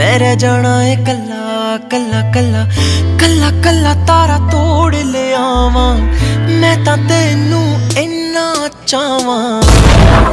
ਮੈਂ ਰਹਿ ਜਾਣਾ ਏ ਕੱਲਾ ਕੱਲਾ ਕੱਲਾ ਕੱਲਾ ਕੱਲਾ ਤਾਰਾ ਤੋੜ ਲਿਆਵਾਂ ਮੈਂ ਤਾਂ ਤੈਨੂੰ ਇੰਨਾ ਚਾਹਾਂ